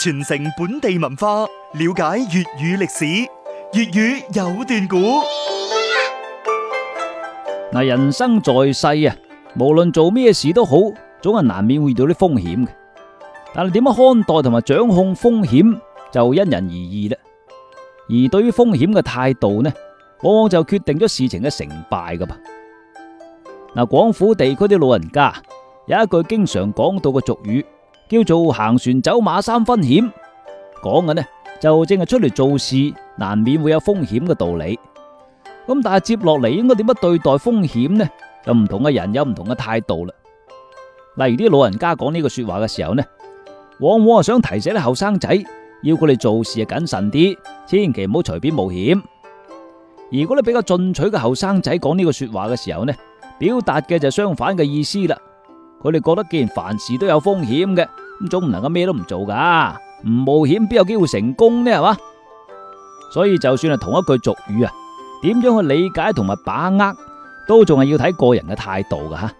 傳承本地文化，了解粵語歷史，粵語有段古。嗱，人生在世啊，無論做咩事都好，總係難免會遇到啲風險嘅。但係點樣看待同埋掌控風險，就因人而異啦。而對於風險嘅態度呢，往往就決定咗事情嘅成敗噶噃。嗱，廣府地區啲老人家有一句經常講到嘅俗語。叫做行船走馬三分險，講嘅呢就正係出嚟做事難免會有風險嘅道理。咁但係接落嚟應該點樣對待風險呢？有唔同嘅人有唔同嘅態度啦。例如啲老人家講呢個說話嘅時候呢，往往係想提醒啲後生仔，要佢哋做事啊謹慎啲，千祈唔好隨便冒險。如果你比較進取嘅後生仔講呢個說話嘅時候呢，表達嘅就相反嘅意思啦。佢哋覺得既然凡事都有風險嘅，咁總唔能夠咩都唔做噶，唔冒險邊有機會成功呢？係嘛，所以就算係同一句俗語啊，點樣去理解同埋把握，都仲係要睇個人嘅態度噶吓。